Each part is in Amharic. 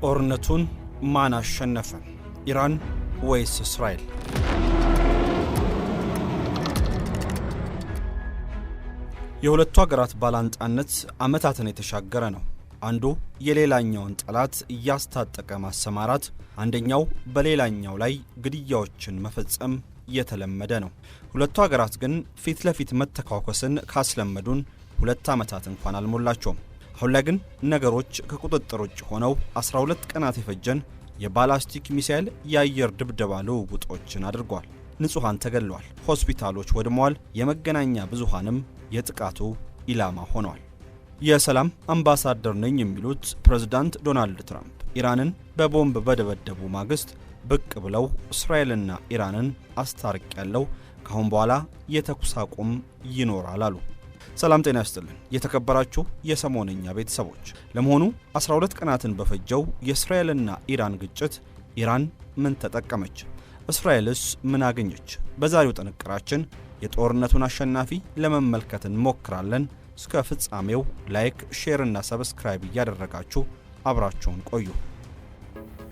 ጦርነቱን ማን አሸነፈ? ኢራን ወይስ እስራኤል? የሁለቱ ሀገራት ባላንጣነት ዓመታትን የተሻገረ ነው። አንዱ የሌላኛውን ጠላት እያስታጠቀ ማሰማራት፣ አንደኛው በሌላኛው ላይ ግድያዎችን መፈጸም የተለመደ ነው። ሁለቱ ሀገራት ግን ፊት ለፊት መተኳኮስን ካስለመዱን ሁለት ዓመታት እንኳን አልሞላቸውም። አሁን ላይ ግን ነገሮች ከቁጥጥር ውጭ ሆነው 12 ቀናት የፈጀን የባላስቲክ ሚሳኤል የአየር ድብደባ ልውውጦችን አድርጓል። ንጹሐን ተገድለዋል፣ ሆስፒታሎች ወድመዋል፣ የመገናኛ ብዙሃንም የጥቃቱ ኢላማ ሆነዋል። የሰላም አምባሳደር ነኝ የሚሉት ፕሬዝዳንት ዶናልድ ትራምፕ ኢራንን በቦምብ በደበደቡ ማግስት ብቅ ብለው እስራኤልና ኢራንን አስታርቅ ያለው ካሁን በኋላ የተኩስ አቁም ይኖራል አሉ። ሰላም ጤና ይስጥልን የተከበራችሁ የሰሞነኛ ቤተሰቦች። ለመሆኑ 12 ቀናትን በፈጀው የእስራኤልና ኢራን ግጭት ኢራን ምን ተጠቀመች? እስራኤልስ ምን አገኘች? በዛሬው ጥንቅራችን የጦርነቱን አሸናፊ ለመመልከት እንሞክራለን። እስከ ፍጻሜው ላይክ፣ ሼር እና ሰብስክራይብ እያደረጋችሁ አብራችሁን ቆዩ።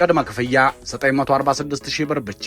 ቅድመ ክፍያ 946 ሺህ ብር ብቻ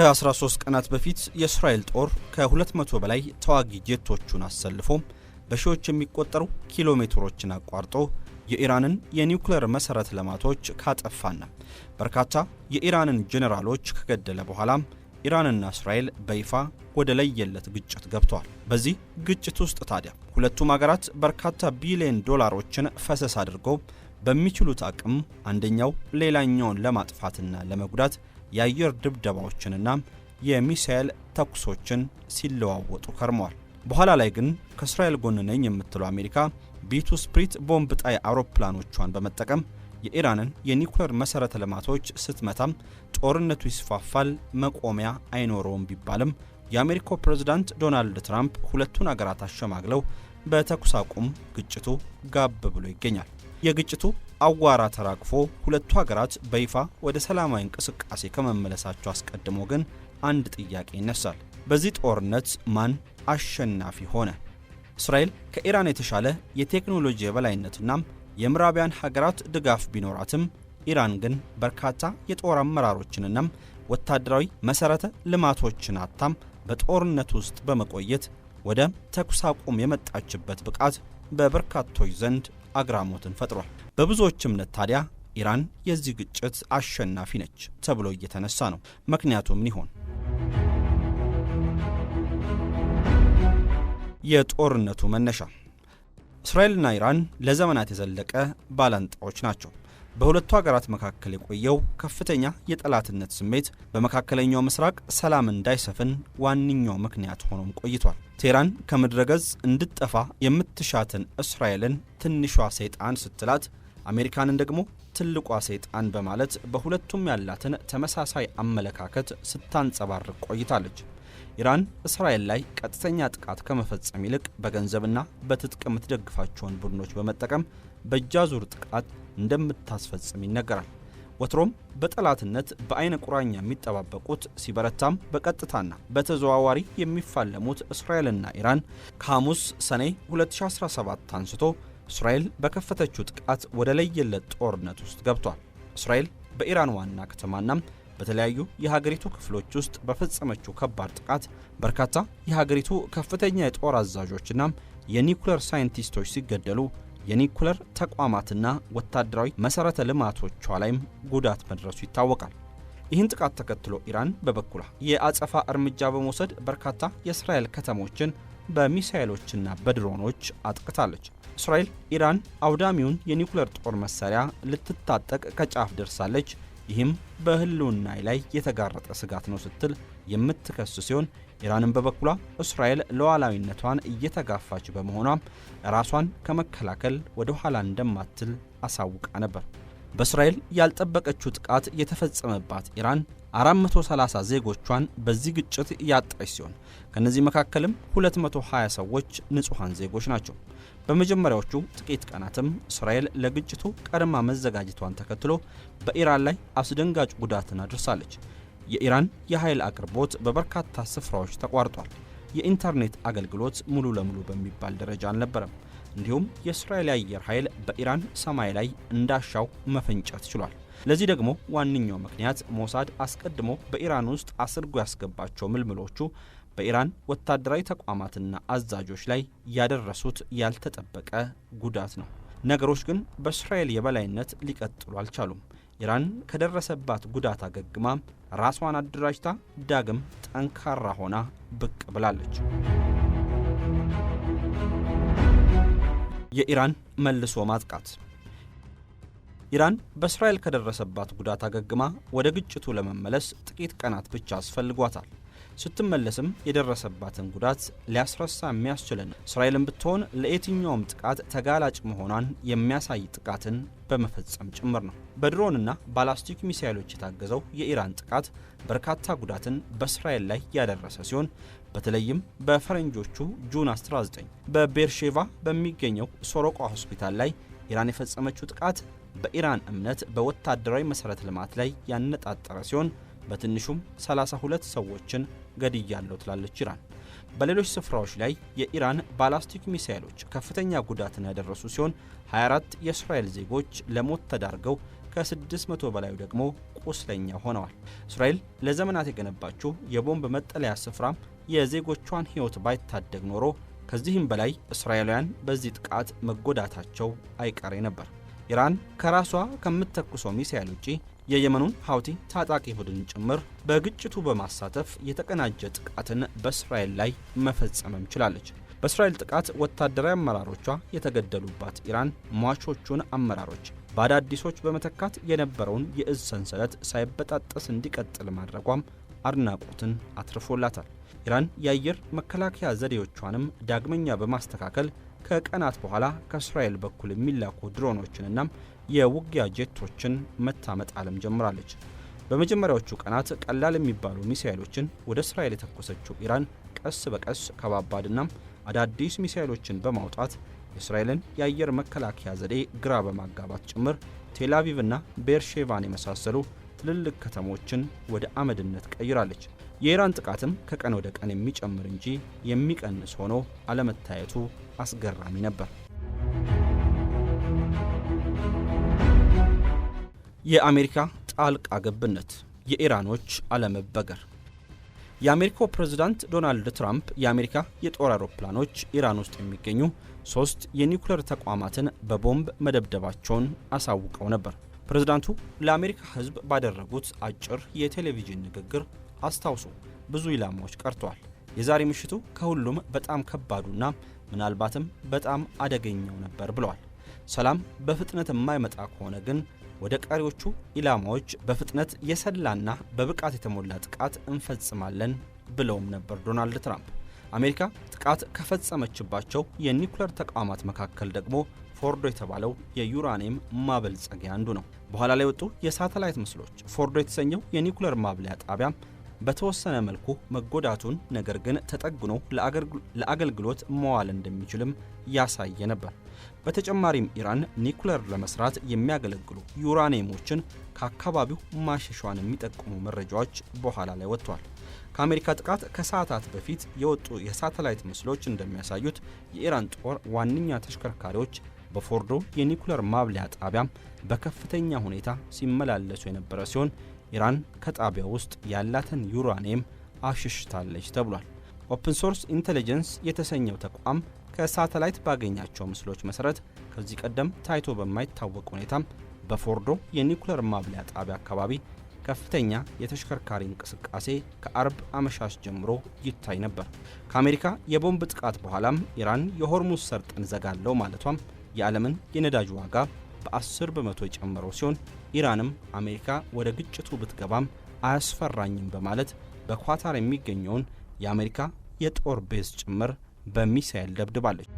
ከ13 ቀናት በፊት የእስራኤል ጦር ከ200 በላይ ተዋጊ ጄቶቹን አሰልፎ በሺዎች የሚቆጠሩ ኪሎ ሜትሮችን አቋርጦ የኢራንን የኒውክሌር መሠረተ ልማቶች ካጠፋና በርካታ የኢራንን ጄኔራሎች ከገደለ በኋላ ኢራንና እስራኤል በይፋ ወደ ለየለት ግጭት ገብተዋል። በዚህ ግጭት ውስጥ ታዲያ ሁለቱም አገራት በርካታ ቢሊዮን ዶላሮችን ፈሰስ አድርገው በሚችሉት አቅም አንደኛው ሌላኛውን ለማጥፋትና ለመጉዳት የአየር ድብደባዎችንና የሚሳኤል ተኩሶችን ሲለዋወጡ ከርመዋል። በኋላ ላይ ግን ከእስራኤል ጎን ነኝ የምትለው አሜሪካ ቢቱ ስፕሪት ቦምብ ጣይ አውሮፕላኖቿን በመጠቀም የኢራንን የኒኩሌር መሠረተ ልማቶች ስትመታም ጦርነቱ ይስፋፋል፣ መቆሚያ አይኖረውም ቢባልም የአሜሪካው ፕሬዝዳንት ዶናልድ ትራምፕ ሁለቱን አገራት አሸማግለው በተኩስ አቁም ግጭቱ ጋብ ብሎ ይገኛል። የግጭቱ አዋራ ተራግፎ ሁለቱ ሀገራት በይፋ ወደ ሰላማዊ እንቅስቃሴ ከመመለሳቸው አስቀድሞ ግን አንድ ጥያቄ ይነሳል። በዚህ ጦርነት ማን አሸናፊ ሆነ? እስራኤል ከኢራን የተሻለ የቴክኖሎጂ የበላይነትናም የምዕራቢያን ሀገራት ድጋፍ ቢኖራትም ኢራን ግን በርካታ የጦር አመራሮችንናም ወታደራዊ መሠረተ ልማቶችን አታም በጦርነት ውስጥ በመቆየት ወደ ተኩስ አቁም የመጣችበት ብቃት በበርካቶች ዘንድ አግራሞትን ፈጥሯል። በብዙዎች እምነት ታዲያ ኢራን የዚህ ግጭት አሸናፊ ነች ተብሎ እየተነሳ ነው። ምክንያቱ ይሆን? የጦርነቱ መነሻ እስራኤልና ኢራን ለዘመናት የዘለቀ ባላንጣዎች ናቸው። በሁለቱ ሀገራት መካከል የቆየው ከፍተኛ የጠላትነት ስሜት በመካከለኛው ምስራቅ ሰላም እንዳይሰፍን ዋነኛው ምክንያት ሆኖም ቆይቷል። ቴህራን ከምድረ ገጽ እንድትጠፋ የምትሻትን እስራኤልን ትንሿ ሰይጣን ስትላት አሜሪካንን ደግሞ ትልቋ ሰይጣን በማለት በሁለቱም ያላትን ተመሳሳይ አመለካከት ስታንጸባርቅ ቆይታለች። ኢራን እስራኤል ላይ ቀጥተኛ ጥቃት ከመፈጸም ይልቅ በገንዘብና በትጥቅ የምትደግፋቸውን ቡድኖች በመጠቀም በጃዙር ጥቃት እንደምታስፈጽም ይነገራል። ወትሮም በጠላትነት በአይነ ቁራኛ የሚጠባበቁት ሲበረታም በቀጥታና በተዘዋዋሪ የሚፋለሙት እስራኤልና ኢራን ከሐሙስ ሰኔ 2017 አንስቶ እስራኤል በከፈተችው ጥቃት ወደ ለየለት ጦርነት ውስጥ ገብቷል። እስራኤል በኢራን ዋና ከተማናም በተለያዩ የሀገሪቱ ክፍሎች ውስጥ በፈጸመችው ከባድ ጥቃት በርካታ የሀገሪቱ ከፍተኛ የጦር አዛዦችና የኒውክለር ሳይንቲስቶች ሲገደሉ የኒኩለር ተቋማትና ወታደራዊ መሠረተ ልማቶቿ ላይም ጉዳት መድረሱ ይታወቃል። ይህን ጥቃት ተከትሎ ኢራን በበኩሏ የአጸፋ እርምጃ በመውሰድ በርካታ የእስራኤል ከተሞችን በሚሳኤሎችና በድሮኖች አጥቅታለች። እስራኤል ኢራን አውዳሚውን የኒኩለር ጦር መሳሪያ ልትታጠቅ ከጫፍ ደርሳለች ይህም በህልውና ላይ የተጋረጠ ስጋት ነው ስትል የምትከስ ሲሆን ኢራንም በበኩሏ እስራኤል ሉዓላዊነቷን እየተጋፋች በመሆኗ ራሷን ከመከላከል ወደ ኋላ እንደማትል አሳውቃ ነበር። በእስራኤል ያልጠበቀችው ጥቃት የተፈጸመባት ኢራን 430 ዜጎቿን በዚህ ግጭት ያጣች ሲሆን ከእነዚህ መካከልም 220 ሰዎች ንጹሐን ዜጎች ናቸው። በመጀመሪያዎቹ ጥቂት ቀናትም እስራኤል ለግጭቱ ቀድማ መዘጋጀቷን ተከትሎ በኢራን ላይ አስደንጋጭ ጉዳትን አድርሳለች። የኢራን የኃይል አቅርቦት በበርካታ ስፍራዎች ተቋርጧል። የኢንተርኔት አገልግሎት ሙሉ ለሙሉ በሚባል ደረጃ አልነበረም። እንዲሁም የእስራኤል አየር ኃይል በኢራን ሰማይ ላይ እንዳሻው መፈንጨት ችሏል። ለዚህ ደግሞ ዋነኛው ምክንያት ሞሳድ አስቀድሞ በኢራን ውስጥ አስርጎ ያስገባቸው ምልምሎቹ በኢራን ወታደራዊ ተቋማትና አዛዦች ላይ ያደረሱት ያልተጠበቀ ጉዳት ነው። ነገሮች ግን በእስራኤል የበላይነት ሊቀጥሉ አልቻሉም። ኢራን ከደረሰባት ጉዳት አገግማ ራሷን አደራጅታ ዳግም ጠንካራ ሆና ብቅ ብላለች። የኢራን መልሶ ማጥቃት ኢራን በእስራኤል ከደረሰባት ጉዳት አገግማ ወደ ግጭቱ ለመመለስ ጥቂት ቀናት ብቻ አስፈልጓታል። ስትመለስም የደረሰባትን ጉዳት ሊያስረሳ የሚያስችልን እስራኤልን ብትሆን ለየትኛውም ጥቃት ተጋላጭ መሆኗን የሚያሳይ ጥቃትን በመፈጸም ጭምር ነው። በድሮንና ባላስቲክ ሚሳይሎች የታገዘው የኢራን ጥቃት በርካታ ጉዳትን በእስራኤል ላይ ያደረሰ ሲሆን በተለይም በፈረንጆቹ ጁን 19 በቤርሼቫ በሚገኘው ሶሮቋ ሆስፒታል ላይ ኢራን የፈጸመችው ጥቃት በኢራን እምነት በወታደራዊ መሠረተ ልማት ላይ ያነጣጠረ ሲሆን በትንሹም 32 ሰዎችን ገድያለሁ ትላለች ኢራን። በሌሎች ስፍራዎች ላይ የኢራን ባላስቲክ ሚሳይሎች ከፍተኛ ጉዳትን ያደረሱ ሲሆን 24 የእስራኤል ዜጎች ለሞት ተዳርገው ከ600 በላዩ ደግሞ ቁስለኛ ሆነዋል። እስራኤል ለዘመናት የገነባችው የቦምብ መጠለያ ስፍራ የዜጎቿን ሕይወት ባይታደግ ኖሮ ከዚህም በላይ እስራኤላውያን በዚህ ጥቃት መጎዳታቸው አይቀሬ ነበር። ኢራን ከራሷ ከምትተኩሰው ሚሳኤል ውጪ የየመኑን ሀውቲ ታጣቂ ቡድን ጭምር በግጭቱ በማሳተፍ የተቀናጀ ጥቃትን በእስራኤል ላይ መፈጸምም ችላለች። በእስራኤል ጥቃት ወታደራዊ አመራሮቿ የተገደሉባት ኢራን ሟቾቹን አመራሮች በአዳዲሶች በመተካት የነበረውን የእዝ ሰንሰለት ሳይበጣጠስ እንዲቀጥል ማድረጓም አድናቆትን አትርፎላታል። ኢራን የአየር መከላከያ ዘዴዎቿንም ዳግመኛ በማስተካከል ከቀናት በኋላ ከእስራኤል በኩል የሚላኩ ድሮኖችንና የውጊያ ጄቶችን መታመጥ አለም ጀምራለች። በመጀመሪያዎቹ ቀናት ቀላል የሚባሉ ሚሳይሎችን ወደ እስራኤል የተኮሰችው ኢራን ቀስ በቀስ ከባባድና አዳዲስ ሚሳይሎችን በማውጣት የእስራኤልን የአየር መከላከያ ዘዴ ግራ በማጋባት ጭምር ቴል አቪቭና ቤርሼቫን የመሳሰሉ ትልልቅ ከተሞችን ወደ አመድነት ቀይራለች። የኢራን ጥቃትም ከቀን ወደ ቀን የሚጨምር እንጂ የሚቀንስ ሆኖ አለመታየቱ አስገራሚ ነበር። የአሜሪካ ጣልቃ ገብነት፣ የኢራኖች አለመበገር። የአሜሪካው ፕሬዝዳንት ዶናልድ ትራምፕ የአሜሪካ የጦር አውሮፕላኖች ኢራን ውስጥ የሚገኙ ሶስት የኒውክሌር ተቋማትን በቦምብ መደብደባቸውን አሳውቀው ነበር። ፕሬዝዳንቱ ለአሜሪካ ሕዝብ ባደረጉት አጭር የቴሌቪዥን ንግግር አስታውሶ ብዙ ኢላማዎች ቀርተዋል። የዛሬ ምሽቱ ከሁሉም በጣም ከባዱና ምናልባትም በጣም አደገኛው ነበር ብለዋል። ሰላም በፍጥነት የማይመጣ ከሆነ ግን ወደ ቀሪዎቹ ኢላማዎች በፍጥነት የሰላና በብቃት የተሞላ ጥቃት እንፈጽማለን ብለውም ነበር ዶናልድ ትራምፕ። አሜሪካ ጥቃት ከፈጸመችባቸው የኒኩሌር ተቋማት መካከል ደግሞ ፎርዶ የተባለው የዩራኒየም ማበልጸጊያ አንዱ ነው። በኋላ ላይ የወጡ የሳተላይት ምስሎች ፎርዶ የተሰኘው የኒኩሌር ማብለያ ጣቢያ በተወሰነ መልኩ መጎዳቱን ነገር ግን ተጠግኖ ለአገልግሎት መዋል እንደሚችልም ያሳየ ነበር። በተጨማሪም ኢራን ኒኩለር ለመስራት የሚያገለግሉ ዩራኒየሞችን ከአካባቢው ማሸሿን የሚጠቁሙ መረጃዎች በኋላ ላይ ወጥቷል። ከአሜሪካ ጥቃት ከሰዓታት በፊት የወጡ የሳተላይት ምስሎች እንደሚያሳዩት የኢራን ጦር ዋነኛ ተሽከርካሪዎች በፎርዶ የኒኩለር ማብለያ ጣቢያ በከፍተኛ ሁኔታ ሲመላለሱ የነበረ ሲሆን ኢራን ከጣቢያው ውስጥ ያላትን ዩራኒየም አሽሽታለች ተብሏል። ኦፕን ሶርስ ኢንቴሊጀንስ የተሰኘው ተቋም ከሳተላይት ባገኛቸው ምስሎች መሰረት ከዚህ ቀደም ታይቶ በማይታወቅ ሁኔታም በፎርዶ የኒኩለር ማብለያ ጣቢያ አካባቢ ከፍተኛ የተሽከርካሪ እንቅስቃሴ ከአርብ አመሻሽ ጀምሮ ይታይ ነበር። ከአሜሪካ የቦምብ ጥቃት በኋላም ኢራን የሆርሙዝ ሰርጥን ዘጋለው ማለቷም የዓለምን የነዳጅ ዋጋ በ10 በመቶ የጨመረው ሲሆን ኢራንም አሜሪካ ወደ ግጭቱ ብትገባም አያስፈራኝም በማለት በኳታር የሚገኘውን የአሜሪካ የጦር ቤዝ ጭምር በሚሳይል ደብድባለች።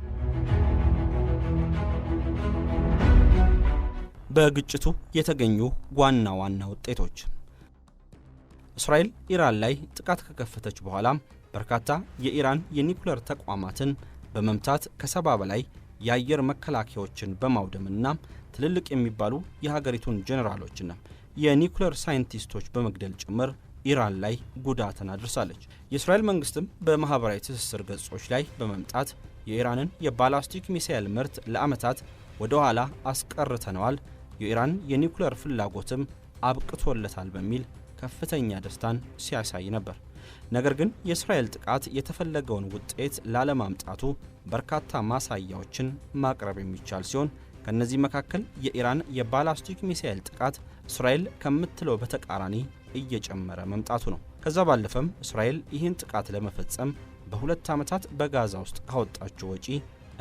በግጭቱ የተገኙ ዋና ዋና ውጤቶች እስራኤል ኢራን ላይ ጥቃት ከከፈተች በኋላ በርካታ የኢራን የኒኩሌር ተቋማትን በመምታት ከሰባ በላይ የአየር መከላከያዎችን በማውደምና ትልልቅ የሚባሉ የሀገሪቱን ጄኔራሎችና የኒኩሌር ሳይንቲስቶች በመግደል ጭምር ኢራን ላይ ጉዳትን አድርሳለች። የእስራኤል መንግስትም በማህበራዊ ትስስር ገጾች ላይ በመምጣት የኢራንን የባላስቲክ ሚሳኤል ምርት ለዓመታት ወደ ኋላ አስቀርተነዋል፣ የኢራን የኒኩሌር ፍላጎትም አብቅቶለታል በሚል ከፍተኛ ደስታን ሲያሳይ ነበር። ነገር ግን የእስራኤል ጥቃት የተፈለገውን ውጤት ላለማምጣቱ በርካታ ማሳያዎችን ማቅረብ የሚቻል ሲሆን ከእነዚህ መካከል የኢራን የባላስቲክ ሚሳኤል ጥቃት እስራኤል ከምትለው በተቃራኒ እየጨመረ መምጣቱ ነው። ከዛ ባለፈም እስራኤል ይህን ጥቃት ለመፈጸም በሁለት ዓመታት በጋዛ ውስጥ ካወጣችው ወጪ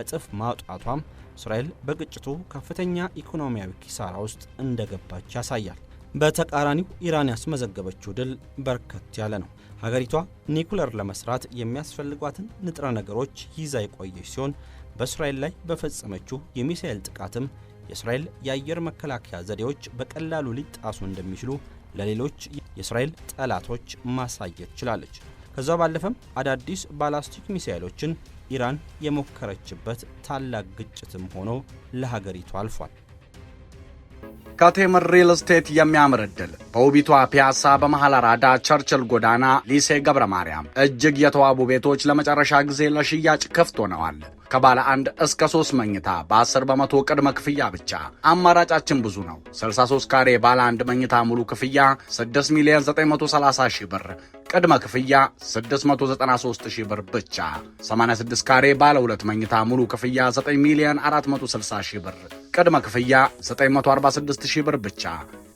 እጥፍ ማውጣቷም እስራኤል በግጭቱ ከፍተኛ ኢኮኖሚያዊ ኪሳራ ውስጥ እንደገባች ያሳያል። በተቃራኒው ኢራን ያስመዘገበችው ድል በርከት ያለ ነው። ሀገሪቷ ኒኩለር ለመስራት የሚያስፈልጓትን ንጥረ ነገሮች ይዛ የቆየች ሲሆን በእስራኤል ላይ በፈጸመችው የሚሳኤል ጥቃትም የእስራኤል የአየር መከላከያ ዘዴዎች በቀላሉ ሊጣሱ እንደሚችሉ ለሌሎች የእስራኤል ጠላቶች ማሳየት ችላለች። ከዛ ባለፈም አዳዲስ ባላስቲክ ሚሳኤሎችን ኢራን የሞከረችበት ታላቅ ግጭትም ሆኖ ለሀገሪቱ አልፏል። ከቴምር ሪል ስቴት የሚያምር እድል በውቢቷ ፒያሳ በመሃል አራዳ ቸርችል ጎዳና ሊሴ ገብረ ማርያም እጅግ የተዋቡ ቤቶች ለመጨረሻ ጊዜ ለሽያጭ ክፍት ሆነዋል። ከባለ አንድ እስከ ሶስት መኝታ በ10 በመቶ ቅድመ ክፍያ ብቻ። አማራጫችን ብዙ ነው። 63 ካሬ ባለ አንድ መኝታ ሙሉ ክፍያ 6 ሚሊዮን 930 ሺህ ብር፣ ቅድመ ክፍያ 693 ሺህ ብር ብቻ። 86 ካሬ ባለ ሁለት መኝታ ሙሉ ክፍያ 9 ሚሊዮን 460 ሺህ ብር፣ ቅድመ ክፍያ 946 ሺህ ብር ብቻ